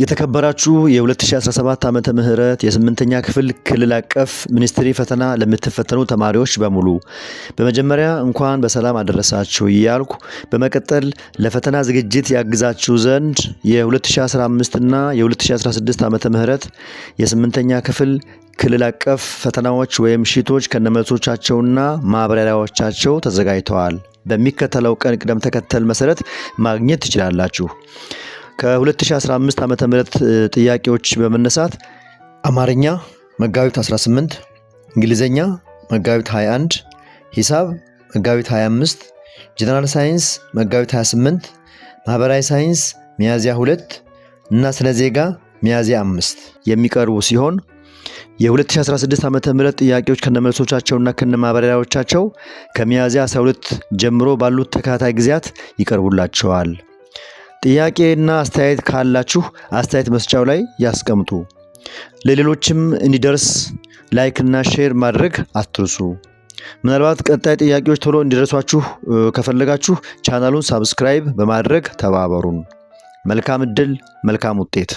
የተከበራችሁ የ2017 ዓመተ ምህረት የስምንተኛ ክፍል ክልል አቀፍ ሚኒስትሪ ፈተና ለምትፈተኑ ተማሪዎች በሙሉ በመጀመሪያ እንኳን በሰላም አደረሳችሁ እያልኩ በመቀጠል ለፈተና ዝግጅት ያግዛችሁ ዘንድ የ2015 እና የ2016 ዓመተ ምህረት የስምንተኛ ክፍል ክልል አቀፍ ፈተናዎች ወይም ሺቶች ከነመልሶቻቸውና ማብራሪያዎቻቸው ተዘጋጅተዋል። በሚከተለው ቀን ቅደም ተከተል መሰረት ማግኘት ትችላላችሁ። ከ2015 ዓ ም ጥያቄዎች በመነሳት አማርኛ መጋቢት 18፣ እንግሊዝኛ መጋቢት 21፣ ሂሳብ መጋቢት 25፣ ጀነራል ሳይንስ መጋቢት 28፣ ማህበራዊ ሳይንስ ሚያዝያ 2 እና ስለ ዜጋ ሚያዝያ 5 የሚቀርቡ ሲሆን የ2016 ዓ ም ጥያቄዎች ከነመልሶቻቸውና ከነማብራሪያዎቻቸው ከሚያዝያ 12 ጀምሮ ባሉት ተከታታይ ጊዜያት ይቀርቡላቸዋል። ጥያቄና አስተያየት ካላችሁ አስተያየት መስጫው ላይ ያስቀምጡ። ለሌሎችም እንዲደርስ ላይክና ሼር ማድረግ አትርሱ። ምናልባት ቀጣይ ጥያቄዎች ቶሎ እንዲደርሷችሁ ከፈለጋችሁ ቻናሉን ሳብስክራይብ በማድረግ ተባበሩን። መልካም እድል፣ መልካም ውጤት